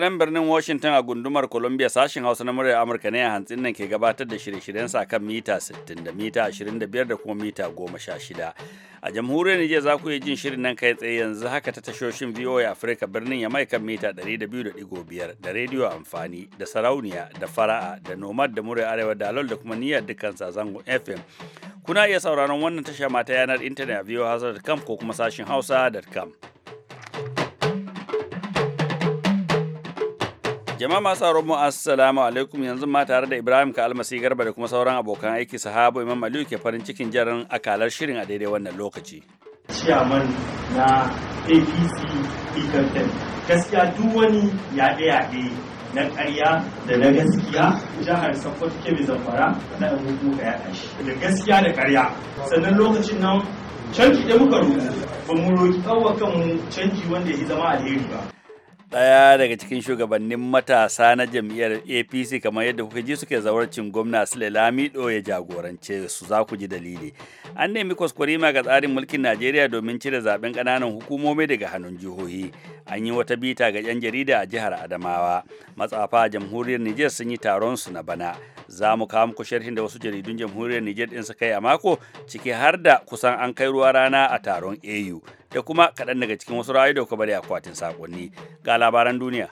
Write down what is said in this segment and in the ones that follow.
daga birnin washington a gundumar columbia sashen hausa na muryar amurka ne a hantsin nan ke gabatar da shirye-shiryen sa kan mita 60 da mita 25 da kuma mita 16 a jamhuriyar nijar za ku yi jin shirin nan kai tsaye yanzu haka ta tashoshin voa afirka birnin ya mai kan mita 200.5 da rediyo amfani da sarauniya da fara'a da nomad da muryar arewa da alol da kuma niyyar dukkan zango fm kuna iya sauraron wannan tasha mata yanar intanet a voa ko kuma sashin hausa.com Jama'a masu sauraron mu assalamu alaikum yanzu ma tare da Ibrahim ka almasi garba da kuma sauran abokan aiki sahabo Imam Aliyu ke farin cikin jaran akalar shirin a daidai wannan lokaci. Ciyaman na APC Ikantan gaskiya duk wani yaɗe-yaɗe na ƙarya da na gaskiya jihar Sokoto Kebbi Zamfara na ɗan hukumu ka yaɗa shi da gaskiya da ƙarya sannan lokacin nan canji da muka rubu ba mu roƙi ɗaukar mu canji wanda ya zama alheri ba. ɗaya daga cikin shugabannin matasa na jam'iyyar apc kamar yadda kuka ji suke zawarcin gwamna sule lamido ya jagorance su za ku ji dalili an nemi kwaskwarima ga tsarin mulkin najeriya domin cire zaben ƙananan hukumomi daga hannun jihohi an yi wata bita ga 'yan jarida a jihar adamawa matsafa jamhuriyar niger sun yi taron su na bana za mu kawo muku sharhin da wasu jaridun jamhuriyar Nijar ɗin suka yi a mako ciki har da kusan an kai ruwa rana a taron AU da kuma kaɗan daga cikin wasu ra'ayi da kuka bari akwatin sakonni ga labaran duniya.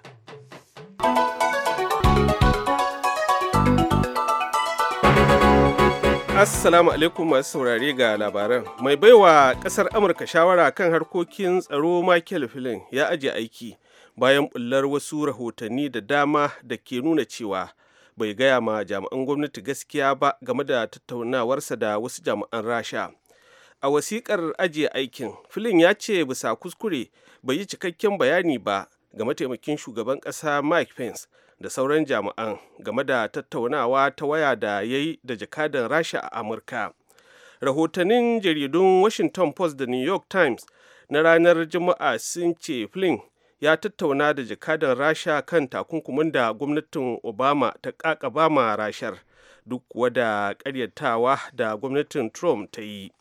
Assalamu alaikum masu saurare ga labaran. Mai baiwa ƙasar Amurka shawara kan harkokin tsaro Michael Flynn ya aje aiki bayan bullar wasu rahotanni da dama da ke nuna cewa bai gaya ma jami'an gwamnati gaskiya ba game da tattaunawarsa da wasu jami'an rasha a wasikar ajiye aikin filin ya ce bisa kuskure bai yi cikakken bayani ba ga mataimakin shugaban ƙasa mike pence da sauran jami'an game da tattaunawa ta waya da ya yi da jakadan rasha a amurka rahotannin jaridun washington post da new york times na ranar juma'a sun ce filin. ya tattauna da jakadan rasha kan takunkumin da gwamnatin obama ta ma rashar duk kuwa da karyatawa da gwamnatin trump ta yi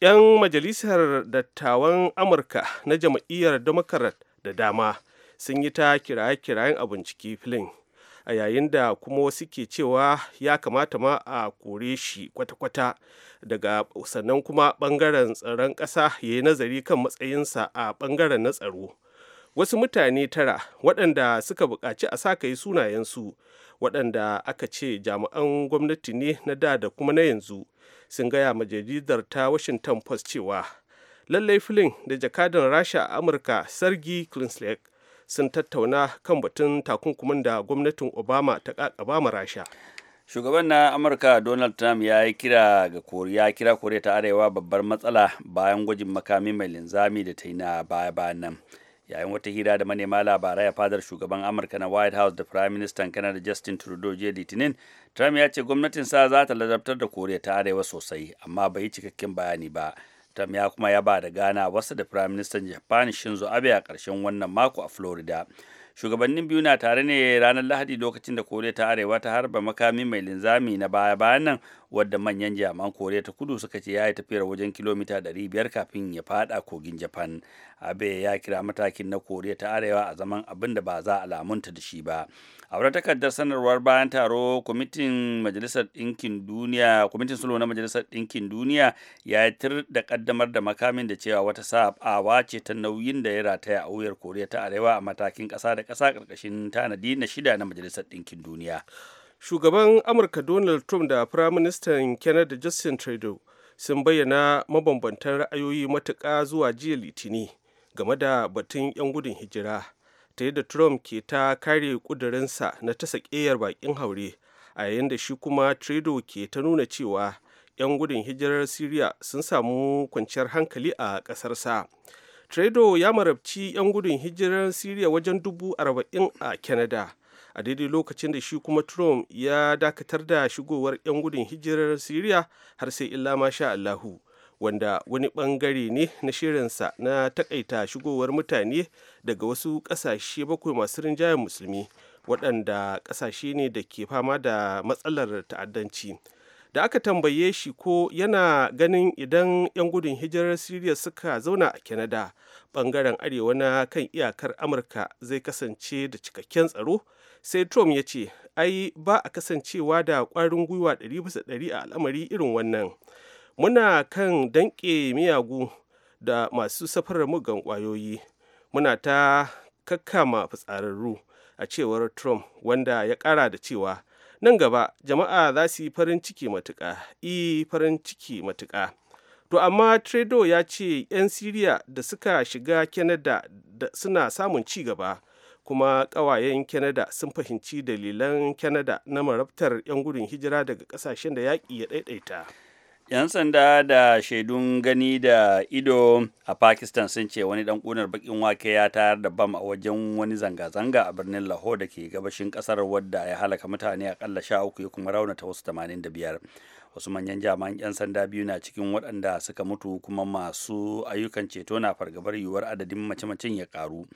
'yan majalisar dattawan amurka na jam'iyyar democrat da dama sun yi ta kiraye-kirayen a bincike filin a yayin da kuma wasu ke cewa ya kamata ma a kore shi kwata-kwata daga sannan kuma bangaren tsaron ƙasa ya yi nazari kan matsayinsa a bangaren na tsaro wasu mutane tara waɗanda suka buƙaci a saka yi sunayensu waɗanda aka ce jami'an gwamnati ne na da da kuma na yanzu sun gaya ma jaridar ta washington post cewa lallai filin da jakadan rasha a amurka sargi klinslek sun tattauna kan batun takunkumin da gwamnatin obama ta kakaba rasha shugaban na amurka donald trump ya yi kira ga koriya kira koriya ta arewa babbar matsala bayan gwajin makami mai linzami da ta yi na baya bayan nan yayin wata hira da manema labarai a fadar shugaban amurka na white house da prime minister canada justin trudeau jiya litinin trump ya ce gwamnatin sa za ta ladabtar da koriya ta arewa sosai amma bai yi cikakken bayani ba trump ya kuma ya ba da gana wasu da prime minister japan shinzo abe a ƙarshen wannan mako a florida shugabannin biyu na tare ne ranar lahadi lokacin da koriya ta arewa ta harba makami mai linzami na baya bayan nan wadda manyan jaman koriya ta kudu suka ce ya yi tafiyar wajen kilomita 500 kafin ya fada kogin japan abe ya kira matakin na koriya ta arewa a zaman abin da ba za a lamunta da shi ba a wata takardar sanarwar bayan taro kwamitin majalisar ɗinkin duniya kwamitin sulo na majalisar ɗinkin duniya ya tir da kaddamar da makamin da cewa wata sabawa ce ta nauyin da ya rataya a wuyar koriya ta arewa a matakin ƙasa da da ƙasa ƙarƙashin tanadi na shida na majalisar ɗinkin duniya shugaban amurka donald trump da firaministan canada justin trudeau sun bayyana mabambantan ra'ayoyi matuƙa zuwa jiya litini game da batun 'yan gudun hijira ta da trump ke ta kare ƙudurinsa na ta saƙeyar bakin haure a yayin da shi kuma trudeau ke ta nuna cewa 'yan gudun hijirar syria sun samu kwanciyar hankali a ƙasarsa tredo ya marabci 'yan gudun hijirar Siriya wajen dubu arba'in a Canada. A daidai lokacin da shi kuma Trump ya dakatar da shigowar 'yan gudun hijirar Siriya har sai illa masha Allahu. Wanda wani bangare ne na shirinsa na takaita shigowar mutane daga wasu kasashe bakwai masu rinjayen musulmi waɗanda ƙasashe ne da ke fama da matsalar ta'addanci. da aka tambaye shi ko yana ganin idan 'yan gudun hijirar siriya suka zauna a canada bangaren arewa na kan iyakar amurka zai kasance da cikakken tsaro sai trump ya ce ai ba a kasancewa da kwarin gwiwa 100% a al'amari irin wannan muna kan danƙe miyagu da masu safarar mugan kwayoyi muna ta kakkama fitsararru a cewar trump wanda ya ƙara da cewa nan gaba jama'a za su yi farin ciki matuƙa i e, farin ciki matuƙa to amma tredo ya ce 'yan siriya da suka shiga canada suna samun ci gaba kuma ƙawayen canada sun fahimci dalilan canada na marabtar 'yan gudun hijira daga ƙasashen da yaƙi ya ɗaiɗaita 'yan sanda da shaidun gani da ido a pakistan sun ce wani dan kunar bakin wake ya tayar da bam a wajen wani zanga-zanga a birnin lahore da ke gabashin kasar wadda ya halaka mutane akalla sha uku ya kuma raunata wasu 85 wasu manyan jami'an 'yan sanda biyu na cikin waɗanda suka mutu kuma masu ayyukan ceto na fargabar yiwuwar adadin mace-macen ya karu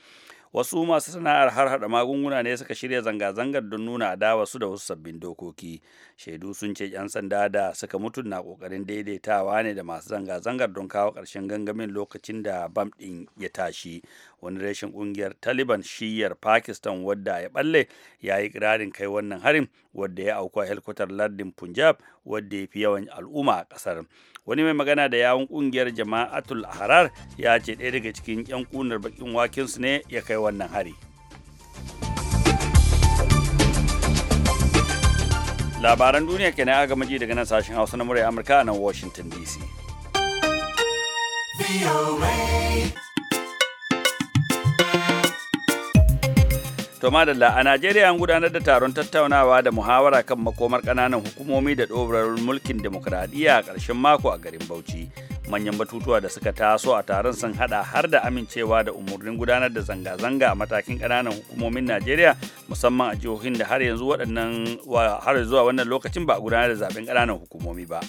wasu masu sana'ar har hada magunguna ne suka shirya zanga-zangar don nuna adawa su da wasu sabbin dokoki shaidu sun ce 'yan sanda da suka mutu na kokarin daidaitawa ne da masu zanga-zangar don kawo ƙarshen gangamin lokacin da bam ɗin ya tashi wani rashin ƙungiyar taliban shiyar pakistan wadda ya balle ya yi ƙirarin kai wannan harin wadda ya auku a helkwatar lardin punjab wadda ya fi yawan al'umma a kasar wani mai magana da yawun kungiyar jama'atul harar ya ce ɗaya daga cikin 'yan kunar bakin wakinsu ne ya kai wannan hari labaran duniya kenan a ji daga nan sashen hausa na murai amurka a nan washington dc To madalla a Najeriya an gudanar da taron tattaunawa da muhawara kan makomar kananan hukumomi da ɗorar mulkin demokradiyya a ƙarshen mako a garin Bauchi. Manyan batutuwa da suka taso a taron sun hada har da amincewa da umurnin gudanar da zanga-zanga a matakin ƙananan hukumomin Najeriya musamman a jihohin da har yanzu waɗannan har zuwa wannan lokacin ba a gudanar da zaben kananan hukumomi ba.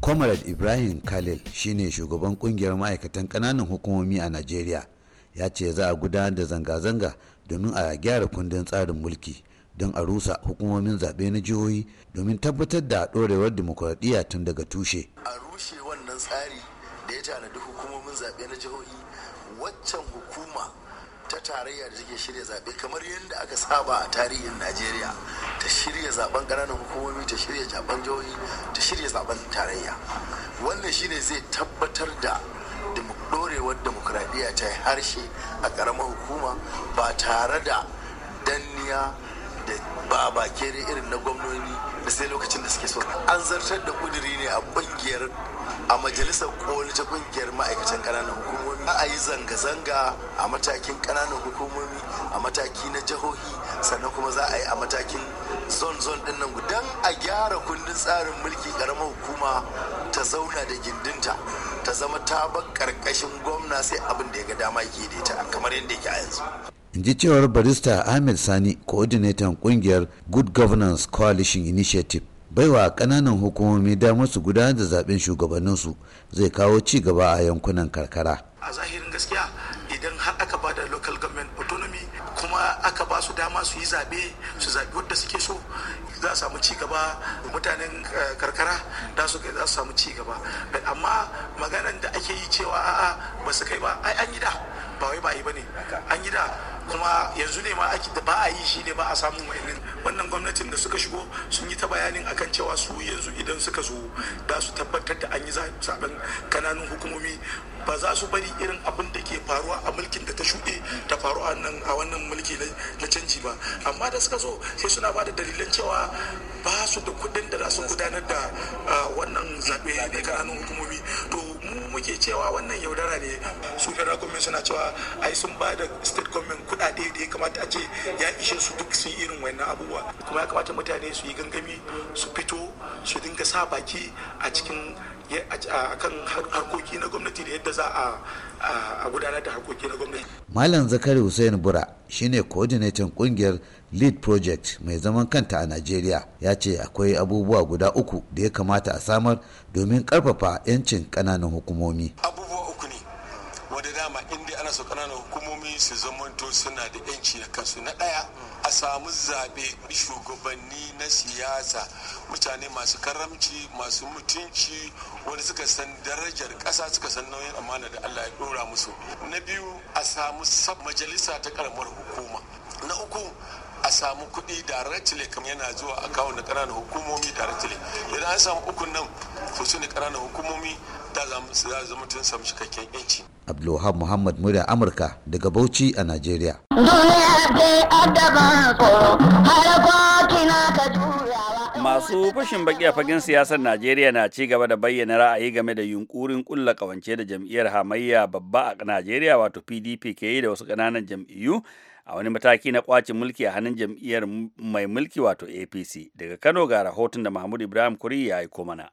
Comrade Ibrahim Khalil shine shugaban kungiyar ma'aikatan kananan hukumomi a Najeriya ya ce za a gudanar da zanga-zanga domin a gyara kundin tsarin mulki don a rusa hukumomin zaɓe na jihohi domin tabbatar da ɗorewar dimokuraɗiyya tun daga tushe. A rushe wannan tsari da ya tanadi hukumomin zaɓe na jihohi waccan hukuma ta tarayya da take shirya zaɓe kamar yadda aka saba a tarihin Najeriya ta shirya zaɓen ƙananan hukumomi ta shirya zaɓen jihohi ta shirya zaɓen tarayya. Wannan shine zai tabbatar da rayuwar demokradiyya ta yi harshe a ƙaramar hukuma ba tare da danniya da ba a bakin irin na gwamnoni da sai lokacin da suke so an zartar da kuduri ne a kungiyar a majalisar koli ta kungiyar ma'aikatan ƙananan hukumomi a yi zanga-zanga a matakin ƙananan hukumomi a mataki na jihohi sannan kuma za a yi a matakin zon-zon din nan don a gyara kundin tsarin mulki ƙaramar hukuma ta zauna da gindinta ta zama ta bar karkashin gwamna sai abin da ya ga dama ke da ita kamar yadda yake a yanzu in ji cewar barista ahmed sani coordinator kungiyar good governance coalition initiative baiwa kananan hukumomi damar su gudanar da zaben shugabanninsu zai kawo ci gaba a yankunan karkara a zahirin gaskiya idan har aka bada aka ba su dama su yi zaɓe su zaɓi wadda suke so za a samu cigaba mutanen eh, karkara da su za su samu cigaba amma maganan da ake yi cewa a'a ba su kai ba ai an yi da ba wai ba yi ba ne an yi da kuma yanzu ne ma ake da ba a yi shi ne ba a samu wayannin wannan gwamnatin da suka shigo sun yi ta bayanin akan cewa su yanzu idan suka zo za su tabbatar da an yi zaben kananun hukumomi ba za su bari irin abin da ke faruwa a mulkin da ta shuɗe ta faru a wannan mulki na canji ba amma da suka zo sai suna ba da dalilan cewa ba su da kuɗin da za su gudanar da ah, wannan zaɓe ne kananun hukumomi to mu muke cewa wannan yaudara ne su federal government suna cewa ai sun ba da state government kudade da ya kamata a ce ya ishe su duk sun irin wannan abubuwa kuma ya kamata mutane su yi gangami su fito su dinga sa baki a cikin akan harkoki na gwamnati da yadda za a gudanar da harkoki na gwamnati malam zakari hussein bura shine coordinating kungiyar lead project mai zaman kanta a najeriya ya ce akwai abubuwa guda uku da ya kamata a samar domin karfafa 'yancin kananan hukumomi abubuwa uku ne wadda dama in masu ƙananan hukumomi su zamanto suna da yanci na kansu na ɗaya a samu zaɓe shugabanni na siyasa mutane masu karamci masu mutunci wanda suka san darajar ƙasa suka san nauyin amana da allah ya ɗora musu na biyu a samu sab majalisa ta ƙaramar hukuma na uku a samu kuɗi directly kamar yana zuwa akawun na ƙananan hukumomi directly idan an samu ukun nan to su ne ƙananan hukumomi ta za zama tun samu cikakken yanci. Abdulwahab Muhammad Murya Amurka daga Bauchi a nigeria. Duniya ke addaban tsoro har na ka masu fashin baki a fagen siyasar najeriya na ci gaba da bayyana ra'ayi game da yunkurin kulla kawance da jam'iyyar hamayya babba a najeriya wato pdp ke yi da wasu ƙananan jam'iyyu a wani mataki na kwacin mulki a hannun jam'iyyar mai mulki wato apc daga kano ga rahoton da mahmud ibrahim kuri ya aiko mana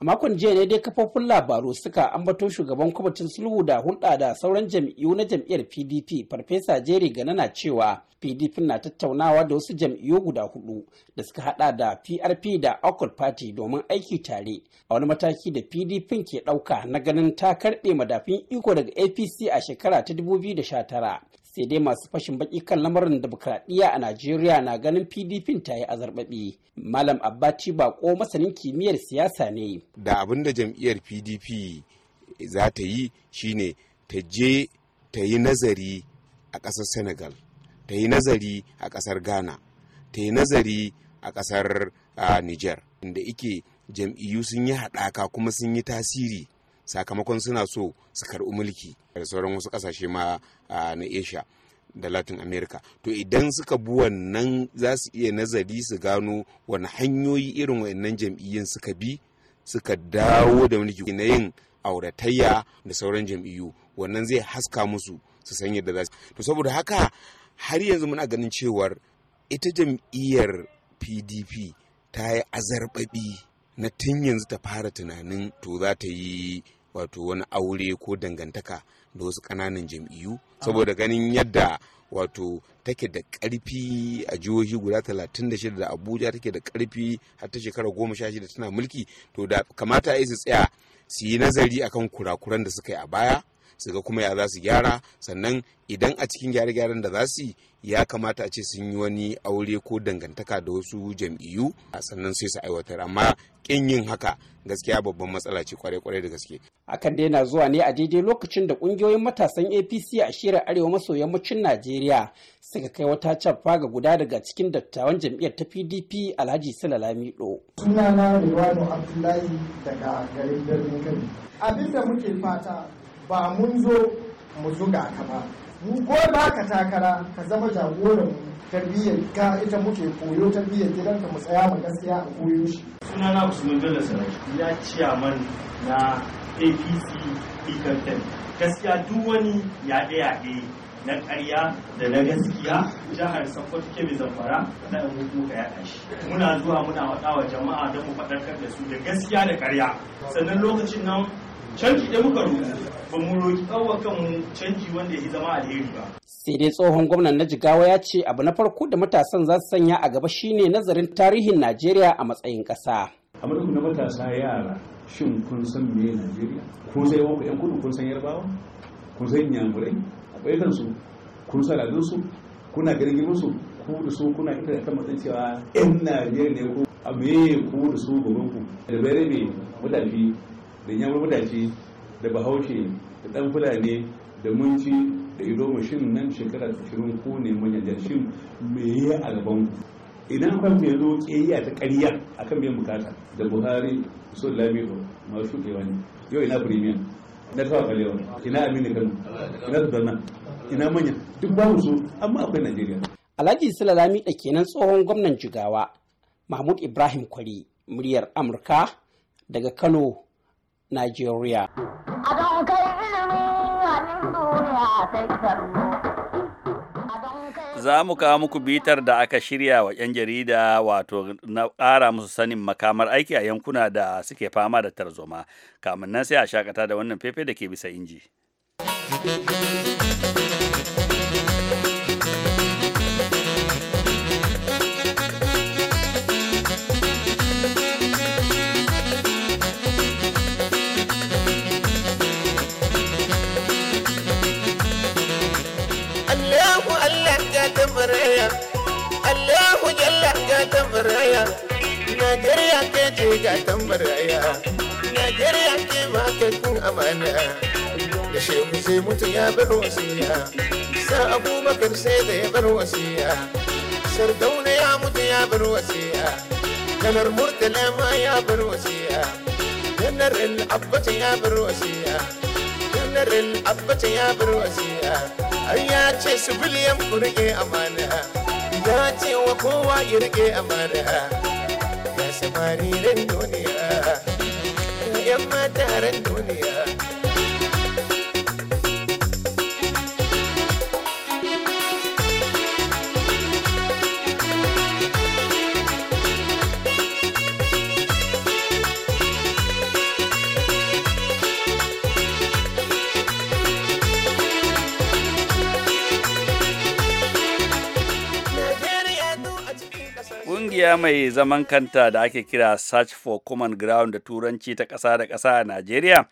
A makon jiya ne dai kafofin labaru suka ambato shugaban kwamitin sulhu da hulɗa da sauran jam'iyyu na jam'iyyar pdp farfesa jerry gana na cewa pdp na tattaunawa da wasu jam'iyyu guda hudu da suka hada da prp da awkward party domin aiki tare a wani mataki da pdp ke ɗauka na ganin ta karbe madafin iko daga apc a shekara ta 2019 sai dai masu fashin baki kan lamarin demokradiyya a najeriya na ganin pdp ta yi azarbabi malam abbaci bako masanin kimiyyar siyasa ne da abin da jam'iyyar pdp za ta yi shine ta je ta yi nazari a ƙasar senegal ta yi nazari a ƙasar ghana ta yi nazari a ƙasar ah, niger inda ike jam'iyyu sun yi haɗaka kuma sun yi tasiri sakamakon suna so su karɓi mulki da sauran wasu ƙasashe ma na asia da latin america to idan suka bi wannan za su iya nazari su gano wani hanyoyi irin wa'annan jam'iyyun suka bi suka dawo da mulki na yin auratayya da sauran jam'iyyu wannan zai haska musu su san yadda za su to saboda haka har yanzu muna ganin cewar ita jam'iyyar pdp ta yi azarbabi na tun yanzu ta fara tunanin to za ta yi wato wani aure ko dangantaka da wasu ƙananan jam'iyyu ah. saboda ganin yadda wato take da karfi a jihohi guda 36 da abuja take da ƙarfi har ta shekara shida tana mulki to da kamata a su tsaya su yi nazari akan kurakuran da suka yi a baya su ga kuma ya za su gyara sannan idan a cikin gyare-gyaren da za su ya kamata a ce sun yi wani aure ko dangantaka da wasu jam'iyyu sannan sai su aiwatar amma kin yin haka gaskiya babban matsala ce kwarai-kwarai da gaske hakan dai na zuwa ne a daidai lokacin da kungiyoyin matasan apc a shirin arewa maso yammacin najeriya suka kai wata caffa ga guda daga cikin dattawan jam'iyyar ta pdp alhaji salalamido sunana riwanu abdullahi daga garin birnin abin da muke fata ba mun zo mu zuga ka ba mu ko ba ka takara ka zama jagoran tarbiyyar ka ita muke koyo tarbiyyar ka mu tsaya mu gaskiya a koyo shi sunana mun dole sarki ya ciyaman na apc ikantan gaskiya duk wani yaɗe-yaɗe na ƙarya da na gaskiya jihar Sokoto Kebbi Zamfara da mu muka yaɗa shi muna zuwa muna faɗa wa jama'a don mu faɗarkar da su da gaskiya da ƙarya sannan lokacin nan canji da muka roƙi ba mu roƙi kawai kanmu canji wanda ya zama alheri ba sai dai tsohon gwamnan na jigawa ya ce abu na farko da matasan za su sanya a gaba shine nazarin tarihin najeriya a matsayin ƙasa a madadin na matasa yara shin kun san me najeriya kun san yawan yan kudu kun san yarbawa kun san yamurai a ɓaikan su kun san al'adun su kuna ganin girman su ku da su kuna ita da kan matsayin cewa yan najeriya ne ko a me ku da su gaban ku da bare ne mutafi da yawon wadace da bahaushe da dan fulani da munci da ido mashin nan shekara ashirin ko ne manyan jashin me yi a gaban ku idan kan mai zo kiyayya ta ƙarya akan biyan bukata da buhari sun lamido masu kewa ne yau ina premium na tawa kalewa ina aminu kano ina sudanna ina manya duk ba su amma akwai najeriya alhaji Lami da kenan tsohon gwamnan jigawa mahmud ibrahim kwari muryar amurka daga kano Najeriya. Za mu kawo muku bitar da aka shirya wa 'yan jarida wato na ƙara musu sanin makamar aiki a yankuna da suke fama da tarzoma. Kamun nan sai a shakata da wannan fefe da ke bisa inji. tambaraya Najeriya ke ce ga tambaraya Najeriya ke ba ke kun amana da shehu sai mutu ya bar wasiya sa abubakar sai da ya bar wasiya sardauna ya mutu ya bar wasiya kanar murtala ma ya bar wasiya kanar al'abbata ya bar wasiya kanar al'abbata ya bar wasiya ai ya ce su biliyan ku rike amana dacewa kowa ya rike amana ya samari ran duniya yan mata duniya Ƙungiya mai zaman kanta da ake kira Search for Common Ground da Turanci ta ƙasa da ƙasa a Najeriya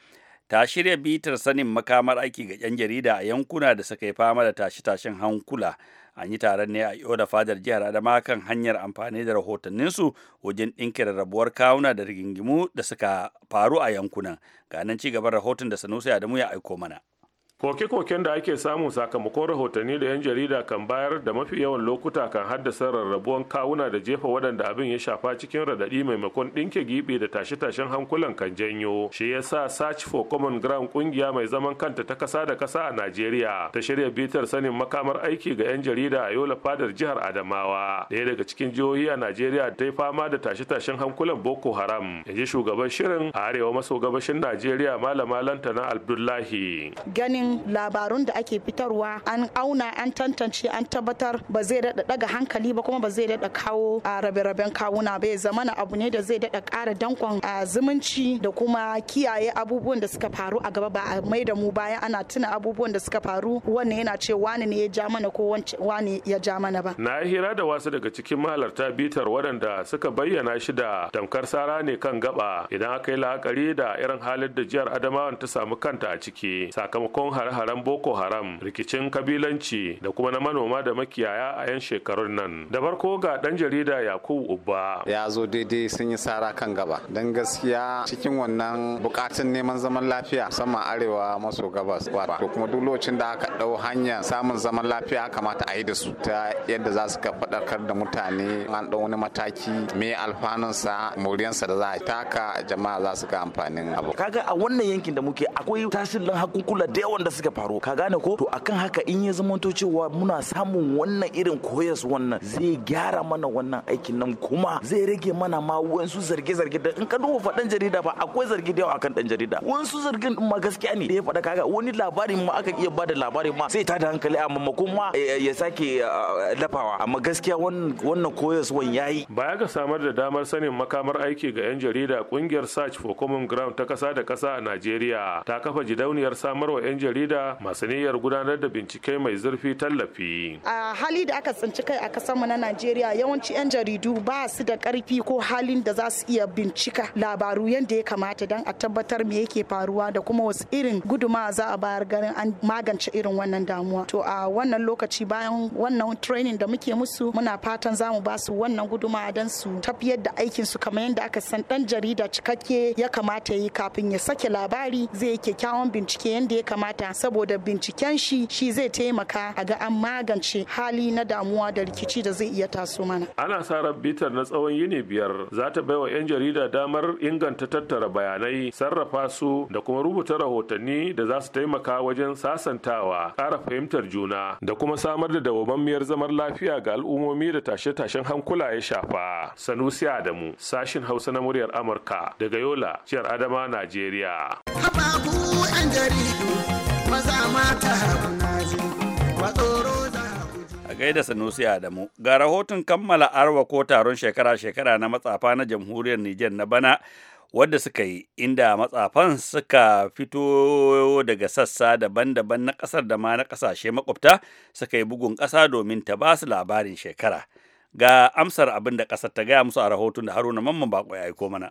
ta shirya bitar sanin makamar aiki ga 'yan jarida a yankuna da suka yi fama da tashe-tashen hankula. An yi taron ne a da fadar jihar Adama kan hanyar amfani da rahotanninsu wajen ɗinki rarrabuwar kawuna da rigingimu da suka faru a yankunan. Ga nan ci gaban rahoton da Sanusi Adamu ya aiko mana. koke-koken da ake samun sakamakon rahotanni da 'yan jarida kan bayar da mafi yawan lokuta kan haddasa rarrabuwan kawuna da jefa waɗanda abin ya shafa cikin radaɗi maimakon ɗinke giɓi da tashe-tashen hankulan kan janyo shi ya sa search for common ground ƙungiya mai zaman kanta ta kasa da kasa a najeriya ta shirya bitar sanin makamar aiki ga 'yan jarida a yola fadar jihar adamawa ɗaya daga cikin jihohi a najeriya ta yi fama da tashe-tashen hankulan boko haram ya ji shugaban shirin a arewa maso gabashin najeriya malama lantana abdullahi ganin labarun da ake fitarwa an auna an tantance an tabbatar ba zai daɗa daga hankali ba kuma ba zai daɗa kawo a rabe-raben kawuna ba ya zamana abu ne da zai daɗa kara dankon zumunci da kuma kiyaye abubuwan da suka faru a gaba ba a mai da mu bayan ana tuna abubuwan da suka faru wannan yana ce wani ne ya ja mana ko wani ya ja mana ba. Na hira da wasu daga cikin mahalarta bitar waɗanda suka bayyana shi da tamkar sara ne kan gaba idan aka yi la'akari da irin halin da jihar adamawa ta samu kanta a ciki sakamakon hare-haren boko haram rikicin kabilanci da kuma na manoma da makiyaya a 'yan shekarun nan da farko ga dan jarida yakubu uba ya zo daidai sun yi sara kan gaba don gaskiya cikin wannan bukatun neman zaman lafiya musamman arewa maso gabas to kuma duk lokacin da aka dau hanya samun zaman lafiya kamata a yi da su ta yadda za su ka faɗakar da mutane an dau wani mataki me alfanunsa moriyansa da za a taka jama'a za su ga amfanin abu kaga a wannan yankin da muke akwai tasirin hakukula da yawan da suka faru ka gane ko to akan haka in ya zamanto cewa muna samun wannan irin koyas wannan zai gyara mana wannan aikin nan kuma zai rage mana ma wasu zarge-zarge da in ka duba dan jarida fa akwai zargi da yawa akan dan jarida wasu zargin din ma gaskiya ne da ya faɗa kaga wani labarin ma aka iya bada labarin ma sai ta da hankali a maimakon ma ya sake lafawa amma gaskiya wannan koyas koyaswan yayi baya ga samar da damar sanin makamar aiki ga yan jarida kungiyar search for common ground ta kasa da kasa a Najeriya ta kafa gidauniyar samarwa yan jarida jarida masu niyyar gudanar da bincike mai zurfi tallafi. A hali da aka tsinci kai a mu na Najeriya yawanci 'yan jaridu ba su da karfi ko halin da za su iya bincika labaru yadda ya kamata don a tabbatar me yake faruwa da kuma wasu irin guduma za a bayar ganin an magance irin wannan damuwa. To a wannan lokaci bayan wannan training da muke musu muna fatan za mu ba su wannan guduma don su tafiyar da aikinsu su kamar yadda aka san dan jarida cikakke ya kamata ya yi kafin ya sake labari zai yi kyakkyawan bincike yadda ya kamata ta saboda binciken shi shi zai taimaka a ga an magance hali na damuwa da rikici da zai iya taso mana ana sa rabbitar na tsawon yini biyar za ta bai wa 'yan jarida damar inganta tattara bayanai sarrafa su da kuma rubuta rahotanni da za su taimaka wajen sasantawa ƙara fahimtar juna da kuma samar da dawamammiyar zamar lafiya ga al'ummomi da tashe-tashen hankula ya shafa sanusi adamu sashin hausa na muryar amurka daga yola jihar adama najeriya 'yan jaridu maza a gaida sanusi adamu ga rahoton kammala arwa ko taron shekara-shekara na matsafa na jamhuriyar nijar na bana wadda suka yi inda matsafan suka fito daga sassa daban-daban na kasar da ma na kasashe makwabta suka yi bugun ƙasa domin ta ba su labarin shekara ga amsar abin da ƙasar ta gaya musu a rahoton da haruna mamman bako ya aiko mana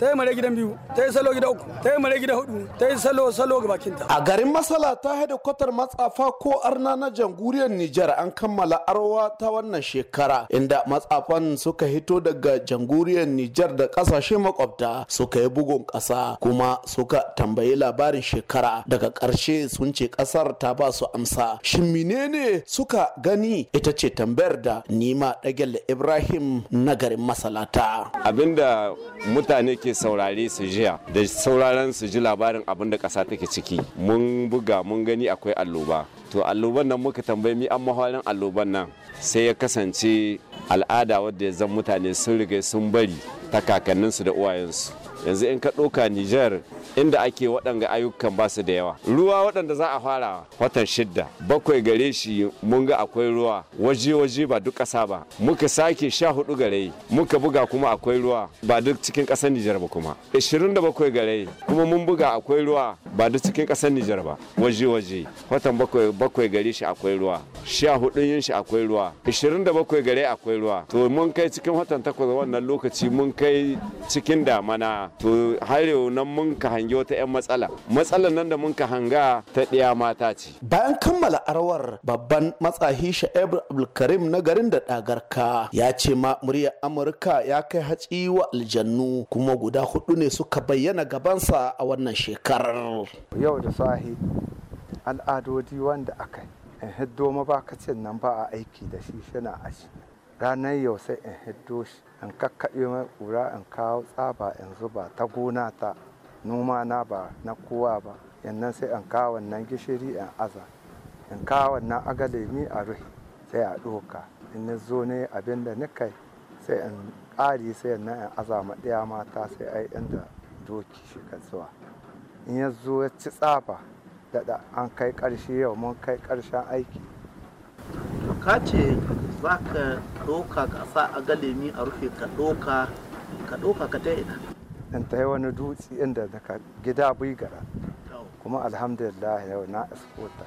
ta yi mare gidan biyu ta yi salo gida uku ta yi mare gida hudu ta yi salo salo ga bakinta a garin masala ta haida kwatar matsafa ko arna na jamhuriyar nijar an kammala arwa ta wannan shekara inda matsafan suka hito daga jamhuriyar nijar da kasashe makwabta suka yi bugun kasa kuma suka tambayi labarin shekara daga karshe sun ce kasar ta ba su amsa shin menene suka gani ita ce tambayar da nima ibrahim na garin masalata abinda mutane ake saurare su jiya da sauraron su ji labarin abin da ƙasa take ciki mun buga mun gani akwai alloba to alloban nan muka tambayi mi an mahawarin alloban nan sai ya kasance al'ada wadda ya zan mutane sun riga sun bari ta kakanninsu da uwayensu yanzu in ka ɗoka Nijar. inda ake waɗanga ayyukan ba su da yawa ruwa waɗanda za a fara watan shidda bakwai gare shi mun ga akwai ruwa waje-waje ba duk ƙasa ba muka sake sha hudu gare muka buga kuma akwai ruwa ba duk cikin ƙasar nijar ba kuma 27 gare kuma mun buga akwai ruwa ba da cikin kasar Nijar ba waje-waje watan bakwai gari shi akwai ruwa sha hudun yin shi akwai ruwa ishirin da bakwai gari akwai ruwa to mun kai cikin watan takwas wannan lokaci mun kai cikin damana to har yau nan mun ka hangi wata 'yan matsala matsalan nan da mun ka hanga ta ɗiya mata ce bayan kammala arwar babban matsahi sha'ib abdulkarim na garin da dagarka ya ce ma murya amurka ya kai hatsi wa aljannu kuma guda hudu ne suka bayyana gabansa a wannan shekarar yau yau da sahi al'adodi wanda aka in hiddo mabakacin nan ba a aiki da shi shina a shi ranar yau sai in hiddo shi in kakkaɓe mai ƙura in kawo tsaba in zuba ta gona ta noma na ba na kowa ba nan sai in kawo wannan gishiri in aza in kawo wannan agalemi a ruhi sai a ɗoka in na zo ne abin da ni kai sai in ƙari sai na in aza ma ɗaya mata sai ai inda doki shi ka zuwa in ya zo ya ci tsafa daɗa an kai ƙarshe yau mun kai ƙarshen aiki ka ce za ka ɗoka ƙasa a galemi a rufe ka ɗoka ka ɗoka ka ta ina in ta yi wani dutse inda daga gida bigara kuma alhamdulillah yau na iskota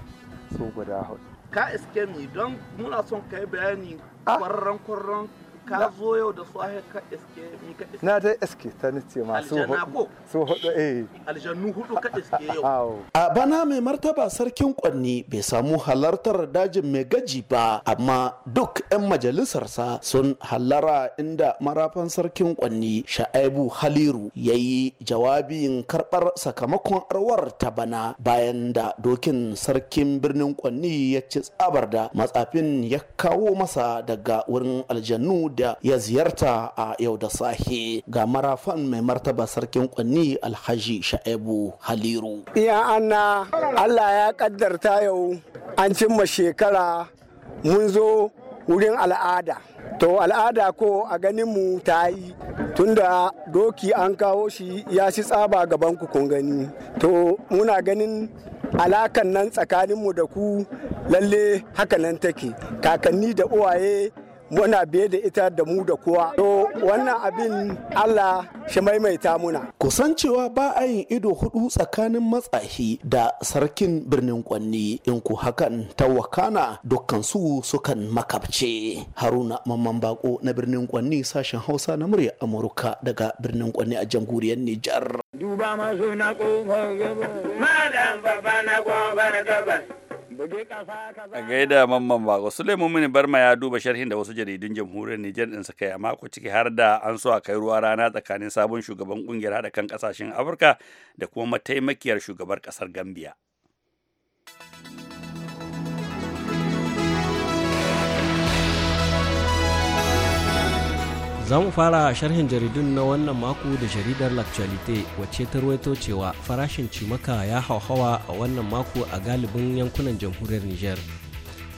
su guda hudu ka iske mi don muna son ka yi bayani ah! kwarran kwarran ka yau da su ka iske na ta iske ta nace masu hudu su hudu eh aljannu hudu ka iske yau a bana mai martaba sarkin kwanni bai samu halartar dajin mai gaji ba amma duk yan majalisarsa sun hallara inda marafan sarkin kwanni sha'aibu haliru ya yi jawabin karbar sakamakon arwar ta bana bayan da dokin sarkin birnin kwanni ya ci tsabar da matsafin ya kawo masa daga wurin aljannu da ya ziyarta a yau da sahi ga marafan mai martaba sarkin kwanni alhaji sha'ibu haliru iya anna allah ya kaddarta yau an cimma shekara mun zo wurin al'ada to al'ada ko a ganinmu ta yi tunda doki an kawo shi ya ci tsaba gaban ku kun gani to muna ganin alakan nan tsakaninmu da ku lalle haka nan take kakanni da uwaye muna biye da ita da mu da kowa to wannan abin Allah shi maimaita muna kusancewa ba a yin ido hudu tsakanin matsahi da sarkin birnin kwanni in ku hakan ta wakana dukkan su sukan makabce haruna mamman bako na birnin kwanni sashen hausa na murya amurka daga birnin kwanni a jamhuriyar nijar duba masu na kofar madan babba na kofar a gaida mamman bako suleiman mini barma ya duba sharhin da wasu jaridun jamhuriyar nijar din suka yi a mako ciki har da an so a kai ruwa rana tsakanin sabon shugaban kungiyar haɗa kan ƙasashen afirka da kuma mataimakiyar shugabar ƙasar gambia Za mu fara sharhin jaridun na wannan mako da jaridar L'Actualité wacce ta ruwaito cewa farashin cimaka ya hauhawa a wannan mako a galibin yankunan jamhuriyar niger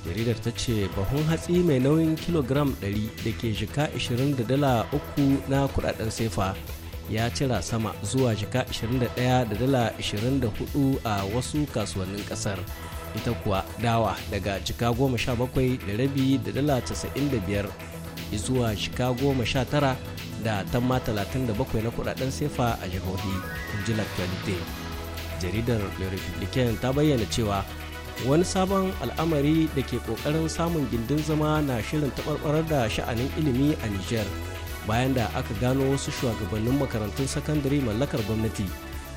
Jaridar ta ce bahun hatsi mai nauyin kilogram 100 da ke jika 20 da dala 3 na kudaden sefa ya cira sama zuwa jika 21 da dala 24 a wasu kasuwannin kasar. Ita kuwa dawa daga jika 17 da rabi da dala 95 zuwa chicago goma sha tara da tamma talatin da bakwai na kudaden sefa a jihohi inji l'actualité jaridar le republican ta bayyana cewa wani sabon al'amari da ke kokarin samun gindin zama na shirin tabarbarar da sha'anin ilimi a niger bayan da aka gano wasu shugabannin makarantun sakandare mallakar gwamnati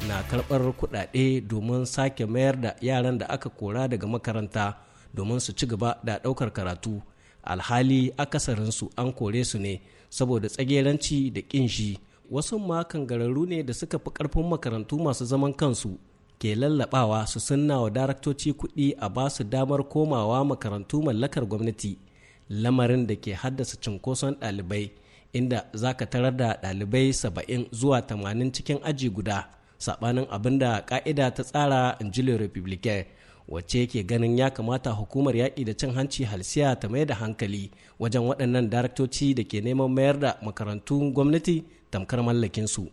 na karɓar kudade domin sake mayar da yaran da aka kora daga makaranta domin su ci gaba da ɗaukar karatu alhali akasarinsu an kore su ne saboda tsageranci da kinshi wasu ma kangararru ne da suka fi ƙarfin makarantu masu zaman kansu ke lallabawa su sunna wa daraktoci kuɗi a ba su damar komawa makarantu mallakar gwamnati lamarin da ke haddasa cinkoson ɗalibai inda za ka tarar da ɗalibai saba'in zuwa tamanin cikin aji guda saɓanin abin da ƙa'ida ta tsara in republican wacce yake ganin ya kamata hukumar yaƙi da cin hanci halsiya ta mai da hankali wajen waɗannan daraktoci da ke neman mayar da makarantun gwamnati tamkar mallakinsu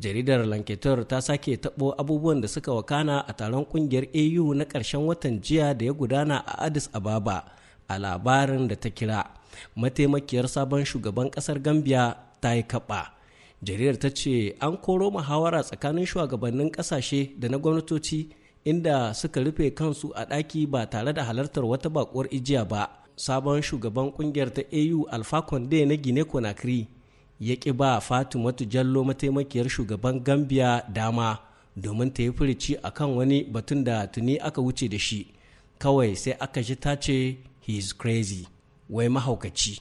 jaridar lanketor ta sake taɓo abubuwan da suka wakana a taron ƙungiyar au na ƙarshen watan jiya da ya gudana a addis ababa a labarin da ta kira mataimakiyar sabon shugaban ƙasar gambia ta yi kaɓa jaridar ta ce an koro muhawara tsakanin shugabannin ƙasashe da na gwamnatoci inda suka rufe kansu a ɗaki ba tare da halartar wata bakuwar ijiya ba sabon shugaban kungiyar ta au alfa conde na guinea conakry ya ƙi ba fatimatu jallo mataimakiyar shugaban gambia dama domin ta yi furici a kan wani batun da tuni aka wuce da shi kawai sai aka ji ta ce he's crazy wai mahaukaci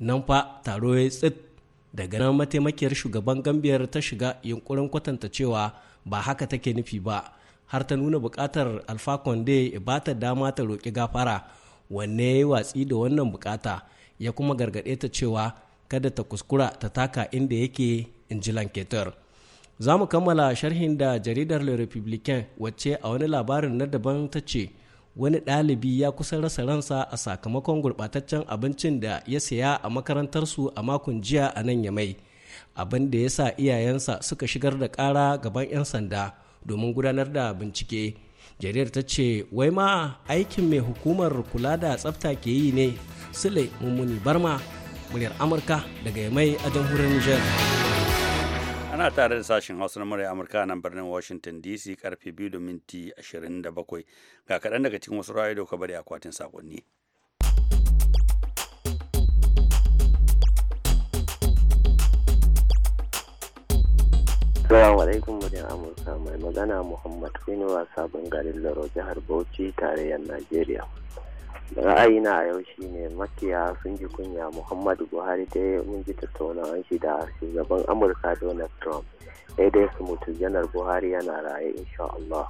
nan fa taro ya tsit daga nan mataimakiyar shugaban gambiyar ta shiga yunkurin kwatanta cewa ba haka take nufi ba har ta nuna bukatar alfa conde ba ta dama ta roƙi gafara wanne ya yi watsi da wannan bukata ya kuma gargaɗe ta cewa kada ta kuskura ta taka inda yake in ji lanketar za mu kammala sharhin da jaridar le republican wacce a wani labarin na daban ta ce wani ɗalibi ya kusa rasa ransa a sakamakon gurɓataccen abincin da ya saya a makarantarsu a makon jiya a nan yamai abin da ya sa iyayensa suka shigar da ƙara gaban 'yan sanda domin gudanar da bincike jaridar ta ce wai ma aikin mai hukumar kula da tsafta ke yi ne sule mummuni barma muryar amurka daga mai a jamhuriyar niger ana tare da sashen hausa na muryar amurka nan birnin washington dc karfe 2 da minti 27 ga kaɗan daga cikin wasu ra'ayi da bari akwatin sakonni Assalamu alaikum muryar Amurka mai magana Muhammad Inuwa sabon garin Laro jihar Bauchi tarayyar Najeriya. Ra'ayina a yau shi ne makiya sun ji kunya Muhammadu Buhari yi mun ji tattaunawan shi da shugaban Amurka Donald Trump. Sai dai su mutu janar Buhari yana raye insha Allah.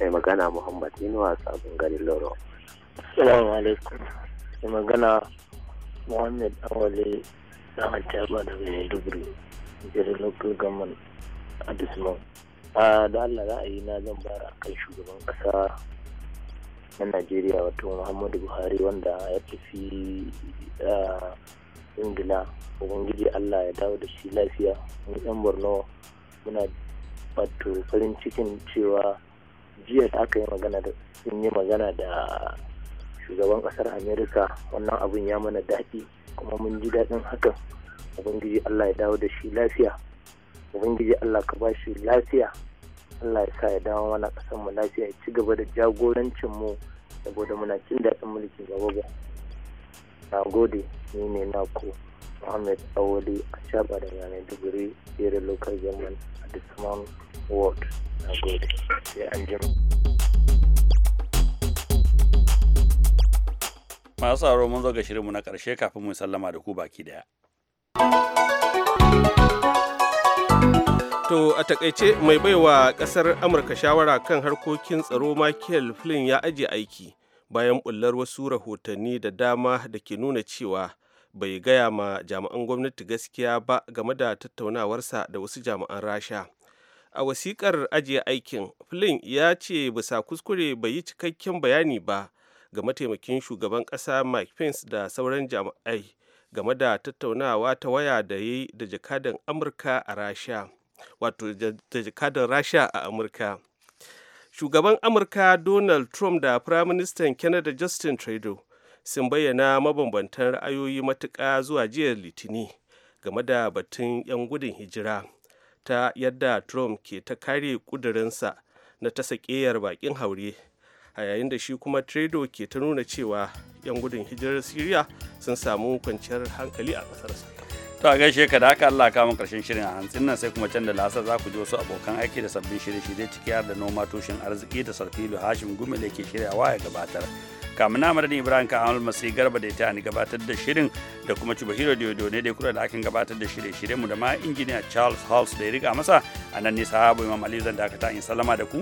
Mai magana Muhammad Inuwa sabon garin Laro. Assalamu alaikum. Mai magana Muhammad Awale da Hajjaba dubu Maiduguri. Jirin Local Government a a da allah ra'ayi na zan bara kan shugaban kasa na najeriya wato muhammadu buhari wanda ya tafi ingila ubangiji allah ya dawo da shi lafiya mun yan borno muna wato farin cikin cewa jiya da aka yi magana da sun yi magana da shugaban ƙasar amerika wannan abun ya mana daɗi kuma mun ji daɗin hakan ubangiji allah ya dawo da shi lafiya ubangiji allah ka bashi lafiya allah ya sa ya dawo mana kasan mu lafiya ya ci gaba da jagorancin mu saboda muna cin daɗin mulkin gaba ga na gode ni ne na ku muhammad awali a shaba da yanayin duguri jere local government a disman ward na gode sai an masu sauraro mun zo ga shirinmu na ƙarshe kafin mu sallama da ku baki daya. To a takaice mai baiwa kasar Amurka shawara kan harkokin tsaro Michael Flynn ya aje aiki bayan bullar wasu rahotanni da dama da ke nuna cewa bai gaya ma jami'an gwamnati gaskiya ba game da tattaunawarsa da wasu jami'an Rasha. A wasikar ajiye aikin, Flynn ya ce bisa kuskure bai yi cikakken bayani ba ga mataimakin shugaban ƙasa Mike Pence da sauran jami'ai game da tattaunawa ta waya da yi da jakadan Amurka a Rasha. wato jakadar rasha a amurka shugaban amurka donald trump da firaministan canada justin trudeau sun bayyana mabambantan ra'ayoyi matuƙa zuwa jiya litini game da batun 'yan gudun hijira ta yadda trump ke ta kare kudurinsa na ta sakeyar bakin haure a yayin da shi kuma trudeau ke ta nuna cewa 'yan gudun hijirar syria sun samu kwanciyar hankali a ƙasarsa to a gaishe ka da haka Allah ka mu karshen shirin a hantsin nan sai kuma can da lasa za ku ji wasu abokan aiki da sabbin shirye-shirye ciki har da noma tushen arziki da sarfilu hashim gumele ke a waya gabatar kamun na madadin ibrahim ka amal masu garba da ita ni gabatar da shirin da kuma ci bahiro da yodo ne da kula da akin gabatar da shirye-shirye mu da ma injiniya charles halls da ya riga masa a nan ne abu imam ali zan dakata in salama da ku